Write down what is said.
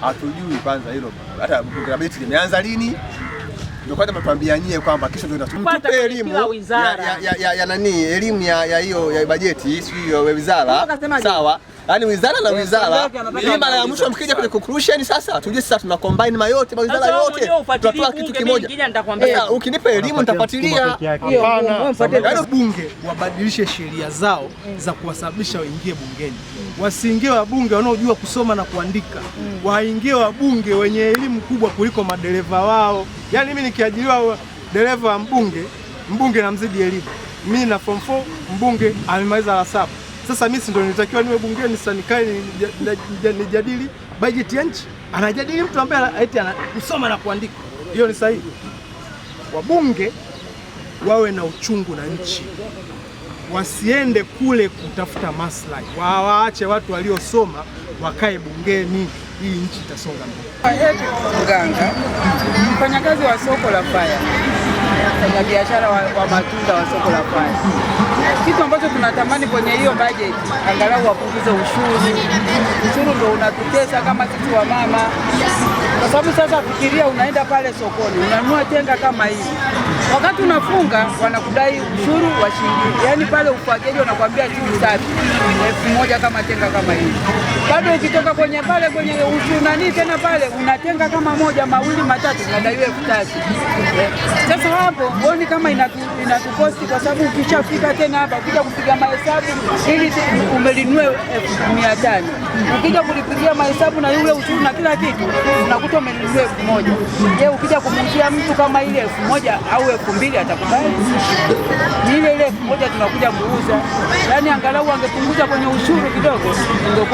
hatujui kwanza hilo hata bajeti limeanza lini. Ndio kwanza mtwambia nyie kwamba kesho ndio tunatoa elimu ya nani, elimu ya hiyo ya bajeti, sio ya wizara, sawa Yaani wizara na wizara. Hii mara ya mwisho mkija kwenye conclusion sasa tujue sasa tuna combine mayote mawizara yote. Tutatoa kitu kimoja. ukinipa elimu nitafuatilia. Hapana. Yaani, yaani bunge wabadilishe sheria zao za kuwasababisha waingie bungeni. Wasiingie wabunge wanaojua kusoma na kuandika. Waingie wabunge wenye elimu kubwa kuliko madereva wao. Yaani mimi nikiajiriwa dereva wa mbunge, mbunge namzidi elimu. Mimi na form 4 mbunge amemaliza la saba. Sasa mimi si ndio nilitakiwa niwe bungeni sasa nikae nijadili bajeti ya nchi? Anajadili mtu ambaye eti anasoma na kuandika. Hiyo ni sahihi? Wabunge wawe na uchungu na nchi, wasiende kule kutafuta maslahi, wawaache watu waliosoma wakae bungeni. Hii nchi itasonga mbele. Mganga mfanyakazi wa soko la Faya wafanyabiashara wa, wa matunda wa soko la Pwani. Kitu ambacho tunatamani kwenye hiyo bajeti angalau wapunguze ushuru. Ushuru ndio unatutesa kama sisi wa mama, kwa sababu sasa fikiria, unaenda pale sokoni unanunua tenga kama hivi, wakati unafunga wanakudai ushuru wa shilingi, yaani pale ufageji wanakuambia shilingi tatu elfu moja kama tenga kama hivi, bado ukitoka kwenye pale kwenye ushuru nani tena pale unatenga kama moja mawili matatu unadaiwa elfu tatu eh. sasa hapo oni kama inatuposti inatukosti kwa sababu ukishafika tena hapa ukija kupiga mahesabu ili umelinue elfu mia tano ukija kulipigia mahesabu na yule ushuru na kila kitu unakuta umelinue elfu moja Je, ukija kumuuzia mtu kama ile elfu moja au elfu mbili atakubali? Ni ile ile elfu moja tunakuja kuuza, yaani angalau angepunguza kwenye ushuru kidogo.